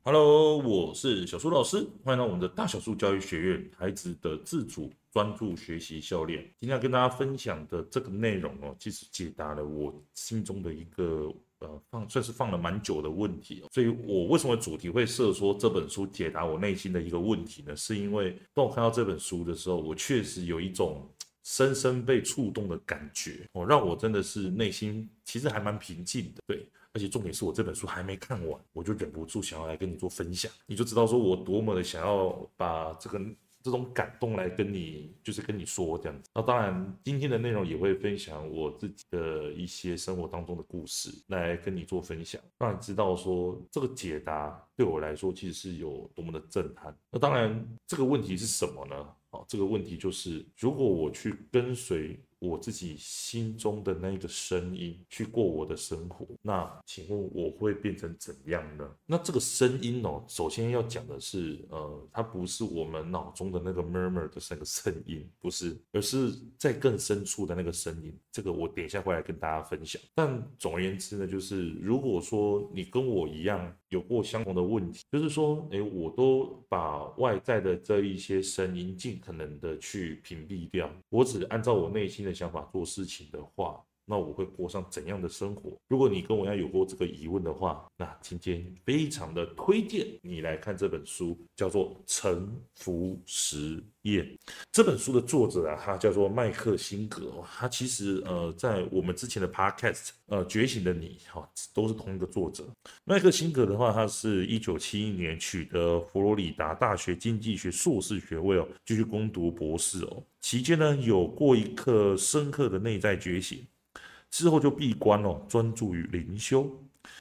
哈嘍，Hello，我是小蘇老師，歡迎到我們的大小樹教育學院孩子的自主專注學習教練。今天要跟大家分享的這個內容哦，其實解答了我心中的一個呃放，算是放了蠻久的問題。所以我為什麼主題會設說，這本書解答我內心的一個問題呢？是因為當我看到這本書的時候，我確實有一種深深被觸動的感覺哦，讓我真的是內心其實還蠻平靜的，對。而且重點是我這本書還沒看完，我就忍不住想要來跟你做分享，你就知道說我多麼的想要把這個這種感動來跟你，就是跟你說這樣子。那當然，今天的內容也會分享我自己的一些生活當中的故事來跟你做分享，讓你知道說這個解答對我來說其實是有多麼的震撼。那當然，這個問題是什麼呢？好，這個問題就是如果我去跟隨，我自己心中的那個聲音去過我的生活，那請問我會變成怎樣呢？那這個聲音哦，首先要講的是，呃，它不是我們腦中的那個 murmur 的那個聲音，不是，而是在更深處的那個聲音。這個我等一下會來跟大家分享。但總而言之呢，就是如果說你跟我一樣有過相同的問題，就是說，哎，我都把外在的這一些聲音盡可能的去屏蔽掉，我只按照我內心的。.想法做事情的話。那我會過上怎樣的生活？如果你跟我一樣有過這個疑問的話，那今天非常的推薦你來看這本書，叫做《臣服實驗》。這本書的作者啊，他叫做麥克辛格。哦、他其實呃，在我們之前的 Podcast 呃，《覺醒的你》哈、哦，都是同一個作者。麥克辛格的話，他是一九七一年取得佛羅里達大學經濟學碩士學位哦，繼續攻讀博士哦。期間呢，有過一刻深刻的內在覺醒。之後就閉關嘍、哦，專注於靈修。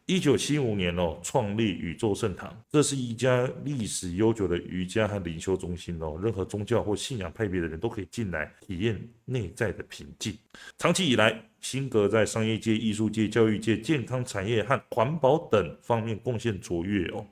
一九七五年哦，創立宇宙聖堂，這是一家歷史悠久的瑜伽和靈修中心哦。任何宗教或信仰派別的人都可以進來體驗內在的平靜。長期以來，辛格在商業界、藝術界、教育界、健康產業和環保等方面貢獻卓越哦。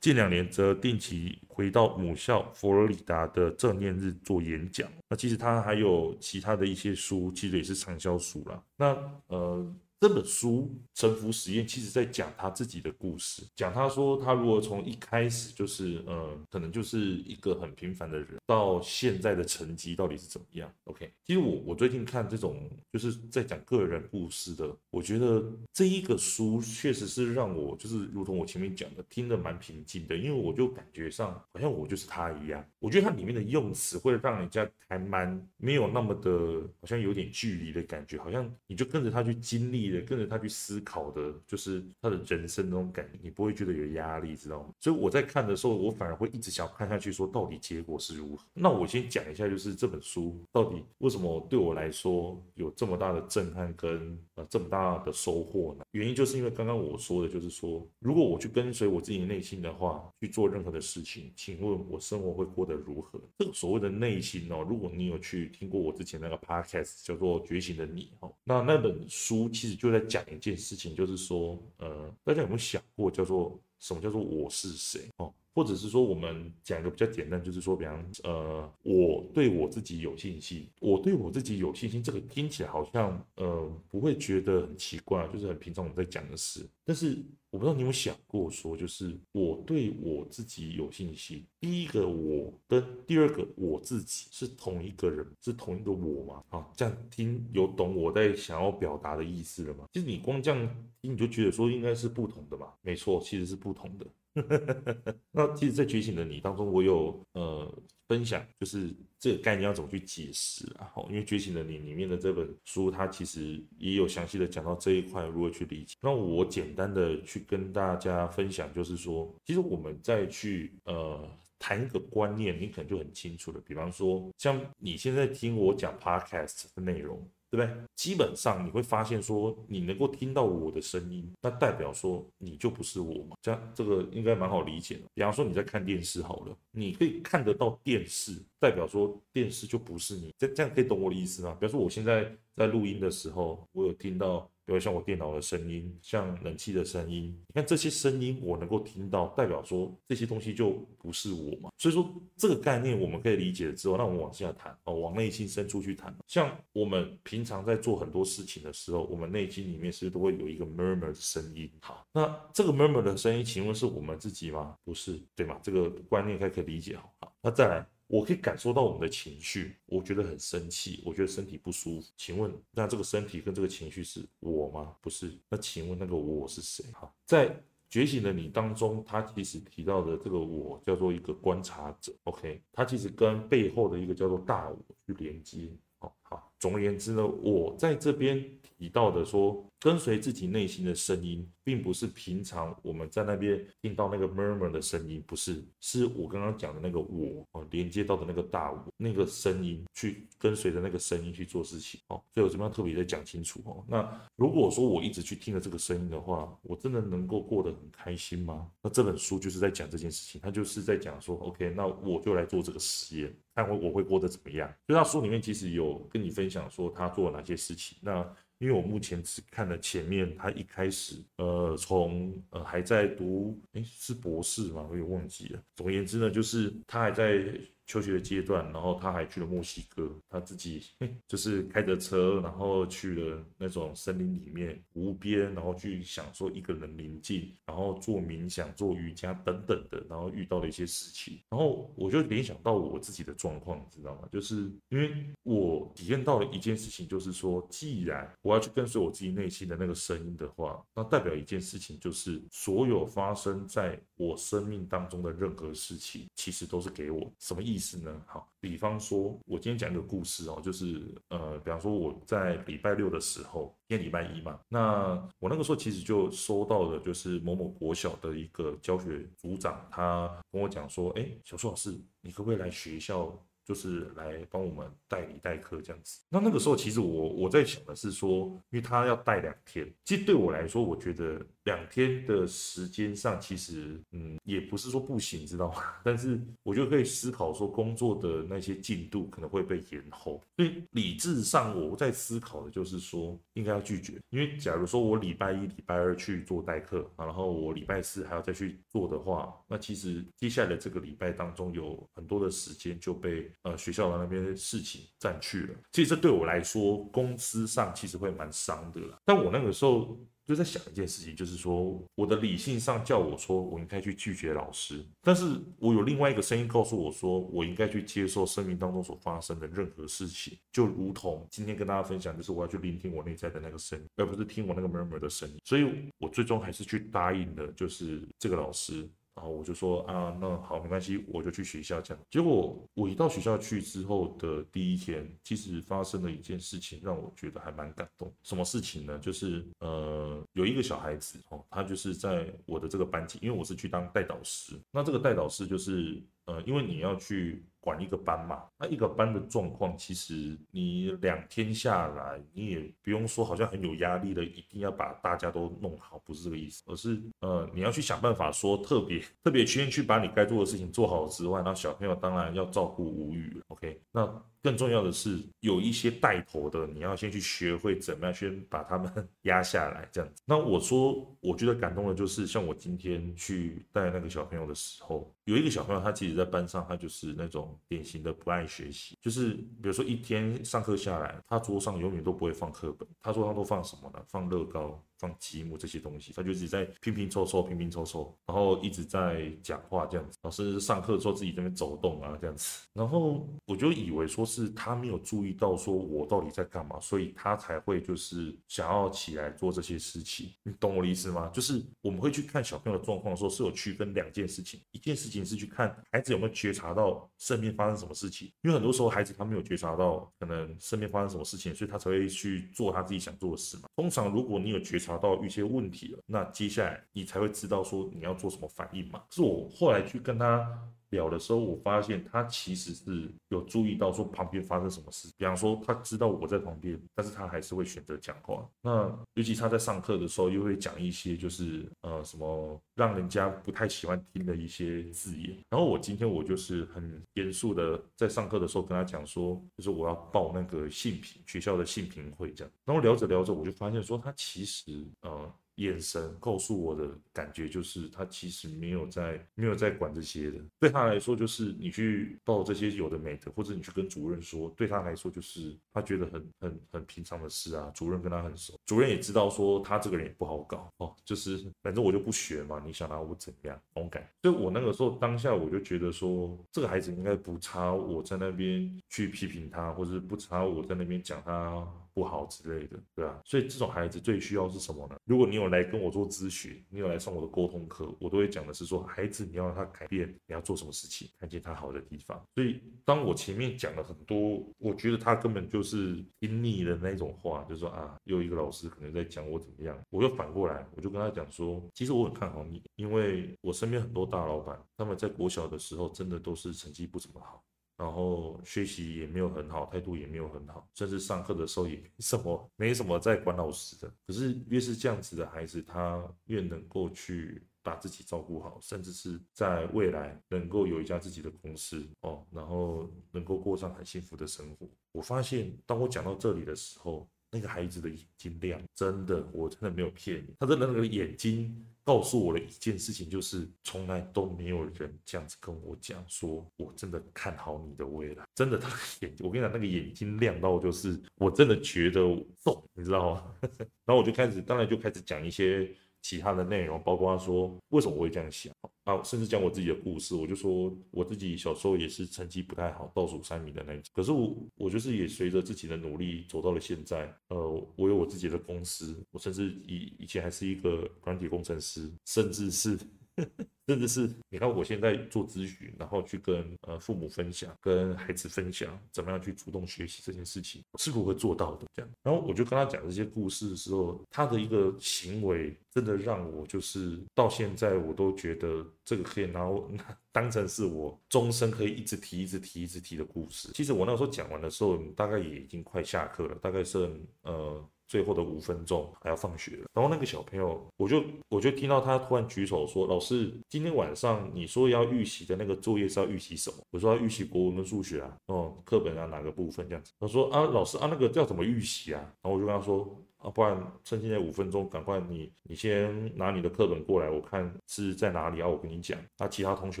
近兩年則定期回到母校佛羅里達的正念日做演講。那其實他還有其他的一些書，其實也是暢銷書了。那呃。這本書《臣服實驗》其實在講他自己的故事，講他說他如何從一開始就是，呃，可能就是一個很平凡的人，到現在的成績到底是怎麼樣？OK，其實我我最近看這種就是在講個人故事的，我覺得這一個書確實是讓我就是如同我前面講的，聽得蠻平靜的，因為我就感覺上好像我就是他一樣。我覺得他裡面的用詞會讓人家還蠻沒有那麼的，好像有點距離的感覺，好像你就跟着他去經歷。也跟着他去思考的，就是他的人生的那種感覺，你不會覺得有壓力，知道嗎？所以我在看的時候，我反而會一直想看下去，說到底結果是如何。那我先講一下，就是這本書到底為什麼對我來說有這麼大的震撼跟呃這麼大的收穫呢？原因就是因為剛剛我說的，就是說如果我去跟隨我自己的內心的話去做任何的事情，請問我生活會過得如何？這個所謂的內心哦，如果你有去聽過我之前那個 podcast 叫做《覺醒的你》哦，那那本書其實。就在講一件事情，就是說，呃，大家有沒有想過，叫做什麼叫做我是誰？哦。或者是說，我們講一個比較簡單，就是說，比方，呃，我對我自己有信心，我對我自己有信心，這個聽起來好像，呃，不會覺得很奇怪，就是很平常我們在講的事。但是我不知道你有沒有想過說，就是我對我自己有信心。第一個我跟第二個，我自己是同一個人，是同一個我嗎？啊，這樣聽有懂我在想要表達的意思了嗎？其實你光這樣聽，你就覺得說應該是不同的嘛。沒錯，其實是不同的。呵呵呵呵， 那其實，在《覺醒的你》當中，我有呃分享，就是這個概念要怎麼去解釋啊？因為《覺醒的你》裡面的這本書，它其實也有詳細的講到這一塊如何去理解。那我簡單的去跟大家分享，就是說，其實我們再去呃談一個觀念，你可能就很清楚了。比方說，像你現在聽我講 Podcast 的內容。對不對？基本上你會發現說，你能夠聽到我的聲音，那代表說你就不是我嘛。這樣這個應該蠻好理解的。比方說你在看電視好了，你可以看得到電視，代表說電視就不是你。這這樣可以懂我的意思嗎？比方說我現在在錄音的時候，我有聽到。比如像我電腦的聲音，像冷氣的聲音，你看這些聲音我能夠聽到，代表說這些東西就不是我嘛。所以說這個概念我們可以理解了之後，那我們往下談哦，往內心深處去談。像我們平常在做很多事情的時候，我們內心裡面是不是都會有一個 murmur 的聲音？好，那這個 murmur 的聲音，請問是我們自己嗎？不是，對嗎？這個觀念該可以理解好，好。那再來。我可以感受到我們的情緒，我覺得很生氣，我覺得身體不舒服。請問，那這個身體跟這個情緒是我嗎？不是。那請問那個我是誰？哈，在覺醒的你當中，他其實提到的這個我叫做一個觀察者。OK，他其實跟背後的一個叫做大我去連接。好好，總而言之呢，我在這邊。提到的說，跟隨自己內心的聲音，並不是平常我們在那邊聽到那個 murmur 的聲音，不是，是我剛剛講的那個我啊，連接到的那個大我，那個聲音，去跟隨着那個聲音去做事情哦。所以我這邊要特別的講清楚哦。那如果說我一直去聽了這個聲音的話，我真的能夠過得很開心嗎？那這本書就是在講這件事情，他就是在講說，OK，那我就來做這個實驗，看我我會過得怎麼樣。就他書裡面其實有跟你分享說他做了哪些事情，那。因為我目前只看了前面，他一開始，呃，從呃還在讀，哎，是博士嗎？我也忘記了。總而言之呢，就是他還在。求學的階段，然後他還去了墨西哥，他自己嘿就是開着車，然後去了那種森林裡面無邊，然後去享受一個人寧靜，然後做冥想、做瑜伽等等的，然後遇到了一些事情，然後我就聯想到我自己的狀況，你知道嗎？就是因為我體驗到了一件事情，就是說，既然我要去跟隨我自己內心的那個聲音的話，那代表一件事情就是，所有發生在我生命當中的任何事情，其實都是給我什麼意思。意思呢？好，比方說，我今天講一個故事哦，就是呃，比方說我在禮拜六的時候，今天禮拜一嘛，那我那個時候其實就收到了，就是某某國小的一個教學組長，他跟我講說，哎，小樹老師，你可不可以來學校，就是來幫我們代理代課這樣子？那那個時候其實我我在想的是說，因為他要帶兩天，其實對我來說，我覺得。兩天的時間上，其實嗯，也不是說不行，知道嗎？但是我就可以思考說，工作的那些進度可能會被延後。所以理智上，我在思考的就是說，應該要拒絕。因為假如說我禮拜一、禮拜二去做代課，然後我禮拜四還要再去做的話，那其實接下來的這個禮拜當中，有很多的時間就被呃學校的那邊的事情佔去了。其實這對我來說，工資上其實會蠻傷的啦。但我那個時候。就在想一件事情，就是說我的理性上叫我說我應該去拒絕老師，但是我有另外一個聲音告訴我說我應該去接受生命當中所發生的任何事情，就如同今天跟大家分享，就是我要去聆聽我內在的那個聲音，而不是聽我那個 murmur 的聲音，所以我最終還是去答應了，就是這個老師。啊，然後我就說啊，那好，沒關係，我就去學校講。結果我一到學校去之後的第一天，其實發生了一件事情，讓我覺得還蠻感動。什麼事情呢？就是呃，有一個小孩子哦，他就是在我的這個班級，因為我是去當代導師。那這個代導師就是呃，因為你要去。管一個班嘛，那一個班的狀況，其實你兩天下來，你也不用說好像很有壓力的，一定要把大家都弄好，不是這個意思，而是呃，你要去想辦法說特別特別去域，去把你該做的事情做好之外，那小朋友當然要照顧無語，OK，那。更重要的是，有一些帶頭的，你要先去學會怎麼樣，先把他們壓下來，這樣子。那我說，我覺得感動的就是，像我今天去帶那個小朋友的時候，有一個小朋友，他其實，在班上，他就是那種典型的不愛學習，就是比如說一天上課下來，他桌上永遠都不會放課本，他桌上都放什麼呢？放樂高。放積木這些東西，他就是一直在拼拼湊湊，拼拼湊湊，然後一直在講話這樣子。老師上課的時候自己在那邊走動啊這樣子，然後我就以為說是他沒有注意到說我到底在幹嘛，所以他才會就是想要起來做這些事情。你懂我的意思嗎？就是我們會去看小朋友的狀況的時候，是有區分兩件事情，一件事情是去看孩子有沒有覺察到身邊發生什麼事情，因為很多時候孩子他沒有覺察到可能身邊發生什麼事情，所以他才會去做他自己想做的事嘛。通常如果你有覺察。找到一些問題了，那接下來你才會知道說你要做什麼反應嘛。是我後來去跟他。聊的時候，我發現他其實是有注意到說旁邊發生什麼事，比方說他知道我在旁邊，但是他還是會選擇講話。那尤其他在上課的時候，又會講一些就是呃什麼讓人家不太喜歡聽的一些字眼。然後我今天我就是很嚴肅的在上課的時候跟他講說，就是我要報那個性平學校的性平會這樣。然後聊着聊着，我就發現說他其實呃。眼神告訴我的感覺就是，他其實沒有在沒有在管這些的。對他來說，就是你去報這些有的沒的，或者你去跟主任說，對他來說就是他覺得很很很平常的事啊。主任跟他很熟，主任也知道說他這個人也不好搞哦，就是反正我就不學嘛，你想拿我怎樣？勇敢。所以，我那個時候當下我就覺得說，這個孩子應該不差，我在那邊去批評他，或者是不差，我在那邊講他。不好之類的，對吧、啊？所以這種孩子最需要是什麼呢？如果你有來跟我做諮詢，你有來上我的溝通課，我都會講的是說，孩子你要讓他改變，你要做什麼事情，看見他好的地方。所以當我前面講了很多，我覺得他根本就是聽膩的那種話，就是說啊，又一個老師可能在講我怎麼樣，我又反過來，我就跟他講說，其實我很看好你，因為我身邊很多大老闆，他們在國小的時候真的都是成績不怎麼好。然後學習也沒有很好，態度也沒有很好，甚至上課的時候也沒什麼沒什麼在管老師的。可是越是這樣子的孩子，他越能夠去把自己照顧好，甚至是在未來能夠有一家自己的公司哦，然後能夠過上很幸福的生活。我發現，當我講到這裡的時候。那個孩子的眼睛亮，真的，我真的沒有騙你，他真的那個眼睛告訴我的一件事情，就是從來都沒有人這樣子跟我講說，說我真的看好你的未來，真的，他眼睛，我跟你講，那個眼睛亮到就是我真的覺得我動，你知道嗎？ 然後我就開始，當然就開始講一些。其他的內容，包括他說為什麼我會這樣想，啊，甚至講我自己的故事，我就說我自己小時候也是成績不太好，倒數三名的那一種，可是我我就是也隨着自己的努力走到了現在，呃，我有我自己的公司，我甚至以以前還是一個軟體工程師，甚至是呵呵。甚至是你看，我現在做諮詢，然後去跟呃父母分享，跟孩子分享，怎麼樣去主動學習這件事情，我是如何做到的這樣。然後我就跟他講這些故事的時候，他的一個行為真的讓我就是到現在我都覺得這個可以拿我當成是我終身可以一直提、一直提、一直提的故事。其實我那時候講完的時候，大概也已經快下課了，大概剩呃。最後的五分鐘還要放學了，然後那個小朋友，我就我就聽到他突然舉手說：“老師，今天晚上你說要預習的那個作業是要預習什麼？”我說：“要預習國文跟數學啊，哦，課本啊哪個部分這樣子。”他說：“啊，老師啊，那個要怎麼預習啊？”然後我就跟他說。啊，不然趁現在五分鐘，趕快你你先拿你的課本過來，我看是在哪裡啊。我跟你講，那其他同學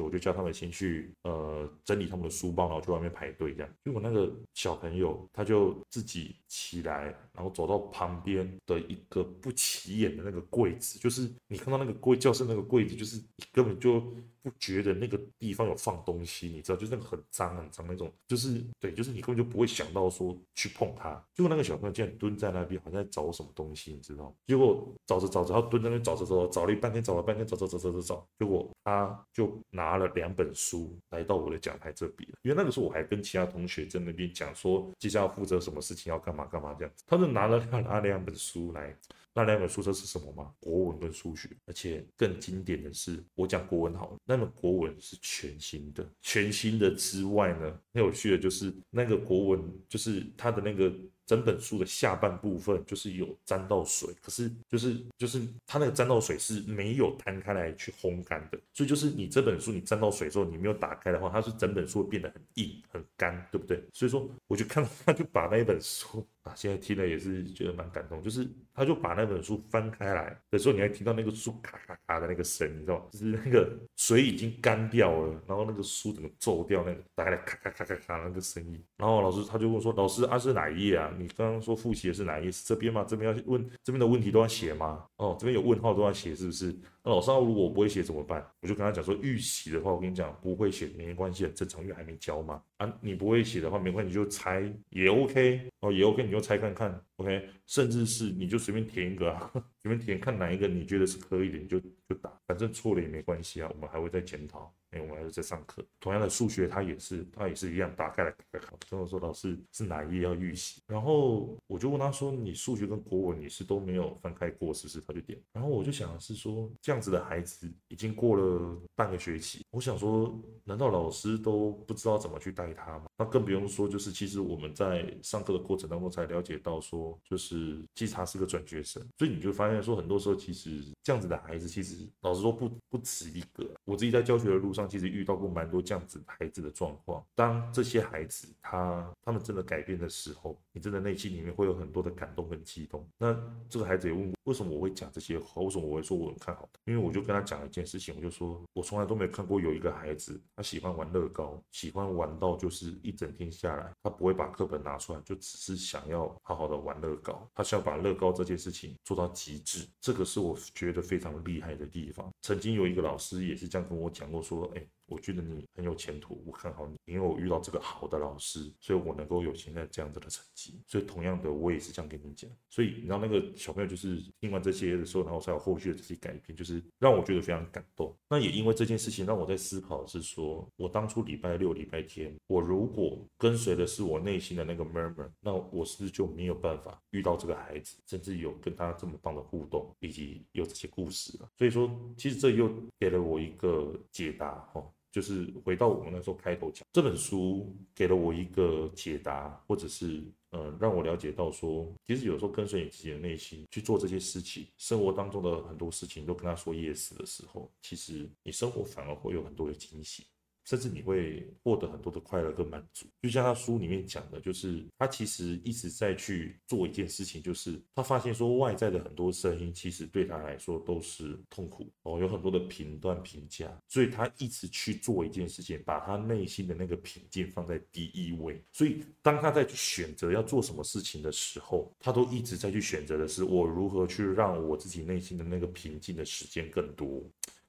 我就叫他們先去呃整理他們的書包，然後去外面排隊這樣。結果那個小朋友他就自己起來，然後走到旁邊的一個不起眼的那個櫃子，就是你看到那個櫃教室那個櫃子，就是根本就。不覺得那個地方有放東西，你知道，就是那個很髒很髒那種，就是對，就是你根本就不會想到說去碰它。結果那個小朋友竟然蹲在那邊，好像在找什麼東西，你知道嗎。結果找着找着，他蹲在那邊找着找着找了一半天，找了半天，找了半天，找找找找找找，結果他就拿了兩本書來到我的講台這邊。因為那個時候我還跟其他同學在那邊講說，接下來負責什麼事情，要幹嘛幹嘛這樣，他就拿了拿兩本書來。那兩本書這是什麼嗎？國文跟數學，而且更經典的是，我講國文好了，那本國文是全新的。全新的之外呢，很有趣的就是那個國文，就是它的那個整本書的下半部分，就是有沾到水，可是就是就是它那個沾到水是沒有攤開來去烘乾的，所以就是你這本書你沾到水之後，你沒有打開的話，它是整本書會變得很硬很乾，對不對？所以說我就看到他就把那一本書。啊，現在聽了也是覺得蠻感動。就是他就把那本書翻開來的時候，你還聽到那個書咔咔咔的那個聲音，你知道嗎？就是那個水已經乾掉了，然後那個書怎麼皺掉？那個打開來咔咔咔咔咔那個聲音。然後老師他就問說：“老師，啊，是哪一頁啊？你剛剛說複習的是哪一頁？是這邊嗎？這邊要去問，這邊的問題都要寫嗎？哦，這邊有問號都要寫是不是？”老師，啊，如果我不會寫怎麼辦？我就跟他講說，預習的話，我跟你講，不會寫沒關係，正常，因為還沒教嘛。啊，你不會寫的話，沒關係，你就猜也 OK 哦，也 OK，你就猜看看。OK，甚至是你就隨便填一個啊，隨便填看哪一個你覺得是可以的，你就就打，反正錯了也沒關係啊，我們還會再檢討。哎、欸，我們還是在上課，同樣的數學，它也是，它也是一樣，打開來大概考。所以我說老師是哪一頁要預習，然後我就問他說，你數學跟國文你是都沒有翻開過，是不是？他就點。然後我就想的是說，這樣子的孩子已經過了半個學期，我想說，難道老師都不知道怎麼去帶他嗎？那更不用說就是其實我們在上課的過程當中才了解到說。就是其實他是個轉學生，所以你就發現說，很多時候其實這樣子的孩子，其實老實說不不止一個。我自己在教學的路上，其實遇到過蠻多這樣子的孩子的狀況。當這些孩子他他們真的改變的時候，你真的內心裡面會有很多的感動跟激動。那這個孩子也問我為什麼我會講這些話，為什麼我會說我很看好他？因為我就跟他講一件事情，我就說我從來都沒有看過有一個孩子，他喜歡玩樂高，喜歡玩到就是一整天下來，他不會把課本拿出來，就只是想要好好的玩。樂高，他想把樂高這件事情做到極致，這個是我覺得非常厲害的地方。曾經有一個老師也是這樣跟我講過，說，哎，我覺得你很有前途，我看好你，因為我遇到這個好的老師，所以我能夠有現在這樣子的成績。所以同樣的，我也是這樣跟你講。所以，你知道那個小朋友就是聽完這些的時候，然後才有後續的這些改變，就是讓我覺得非常感動。那也因為這件事情，讓我在思考是說，我當初禮拜六、禮拜天，我如果跟隨的是我內心的那個 murmur，那我是不是就沒有辦法遇到這個孩子，甚至有跟他這麼棒的互動，以及有這些故事了？所以說，其實這又給了我一個解答哦。就是回到我們那時候開頭講，這本書給了我一個解答，或者是嗯，讓我了解到說，其實有時候跟隨你自己的內心去做這些事情，生活當中的很多事情，你都跟他說 yes 的時候，其實你生活反而會有很多的驚喜。甚至你會獲得很多的快樂跟滿足，就像他書裡面講的，就是他其實一直在去做一件事情，就是他發現說外在的很多聲音其實對他來說都是痛苦哦，有很多的評斷、評價，所以他一直去做一件事情，把他內心的那個平靜放在第一位。所以當他在選擇要做什麼事情的時候，他都一直在去選擇的是我如何去讓我自己內心的那個平靜的時間更多。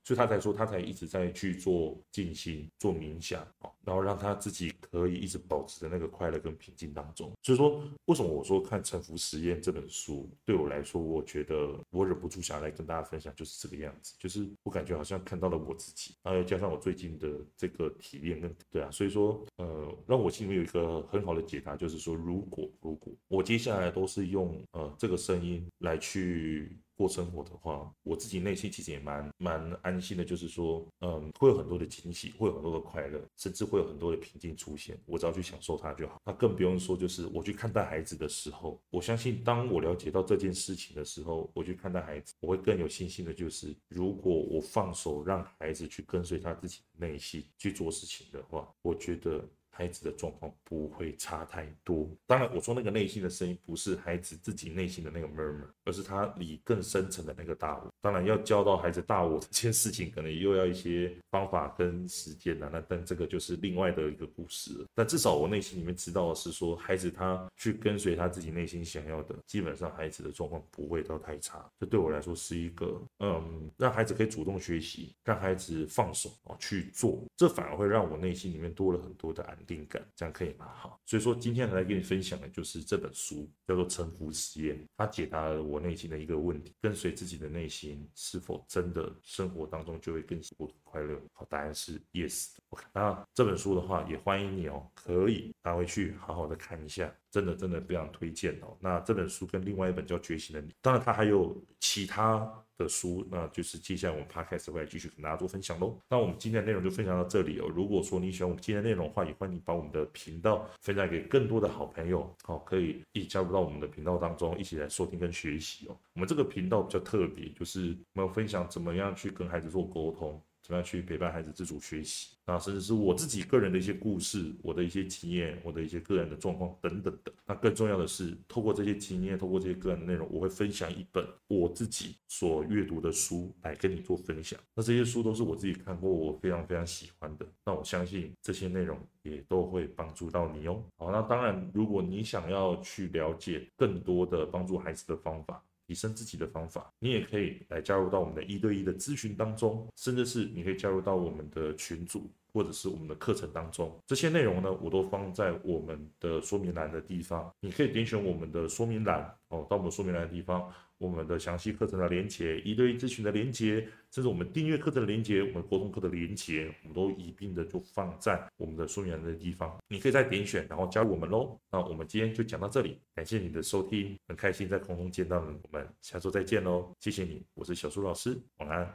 所以他才說，他才一直在去做靜心、做冥想，然後讓他自己可以一直保持在那個快樂跟平靜當中。所以說，為什麼我說看《臣服實驗》這本書對我來說，我覺得我忍不住想要來跟大家分享，就是這個樣子，就是我感覺好像看到了我自己，又、啊、加上我最近的這個體驗跟對啊，所以說，呃，讓我心裡面有一個很好的解答，就是說如，如果如果我接下來都是用呃這個聲音來去。過生活的話，我自己內心其實也蠻蠻安心的，就是說，嗯，會有很多的驚喜，會有很多的快樂，甚至會有很多的平靜出現。我只要去享受它就好。那更不用說，就是我去看待孩子的時候，我相信當我了解到這件事情的時候，我去看待孩子，我會更有信心的。就是如果我放手讓孩子去跟隨他自己的內心去做事情的話，我覺得。孩子的狀況不會差太多。當然，我說那個內心的聲音，不是孩子自己內心的那個 murmur，而是他裡更深層的那個大我。當然，要教到孩子大我這件事情，可能又要一些方法跟時間了。那但這個就是另外的一個故事。但至少我內心裡面知道的是，說孩子他去跟隨他自己內心想要的，基本上孩子的狀況不會到太差。這對我來說是一個，嗯，讓孩子可以主動學習，讓孩子放手啊去做，這反而會讓我內心裡面多了很多的安。定感，這樣可以嗎？好，所以說今天來跟你分享的就是這本書，叫做《臣服實驗》，它解答了我內心的一個問題：跟隨自己的內心，是否真的生活當中就會更幸福、快樂？好，答案是 yes。Okay, 那這本書的話，也歡迎你哦，可以拿回去好好的看一下，真的真的非常推薦哦。那這本書跟另外一本叫《覺醒的你》，當然它還有其他。書，那就是接下來我們 podcast 會繼續跟大家做分享嘍。那我們今天的內容就分享到這裡哦。如果說你喜歡我們今天的內容的話，也歡迎你把我們的頻道分享給更多的好朋友，好、哦，可以一起加入到我們的頻道當中，一起來收聽跟學習哦。我們這個頻道比較特別，就是我們要分享怎麼樣去跟孩子做溝通。怎麼樣去陪伴孩子自主學習？啊，甚至是我自己個人的一些故事，我的一些經驗，我的一些個人的狀況等等的。那更重要的是，透過這些經驗，透過這些個人的內容，我會分享一本我自己所閱讀的書來跟你做分享。那這些書都是我自己看過，我非常非常喜歡的。那我相信這些內容也都會幫助到你哦。好，那當然，如果你想要去了解更多的幫助孩子的方法，提升自己的方法，你也可以來加入到我們的一對一的諮詢當中，甚至是你可以加入到我們的群組或者是我們的課程當中。這些內容呢，我都放在我們的說明欄的地方，你可以點選我們的說明欄哦，到我們的說明欄的地方。我們的詳細課程的連結，一對一諮詢的連結，甚至我們訂閱課程的連結，我們溝通課的連結，我們都一併的就放在我們的說明的地方，你可以再點選，然後加入我們嘍。那我們今天就講到這裡，感謝你的收聽，很開心在空中見到你，我們下周再見嘍，謝謝你，我是小樹老師，晚安。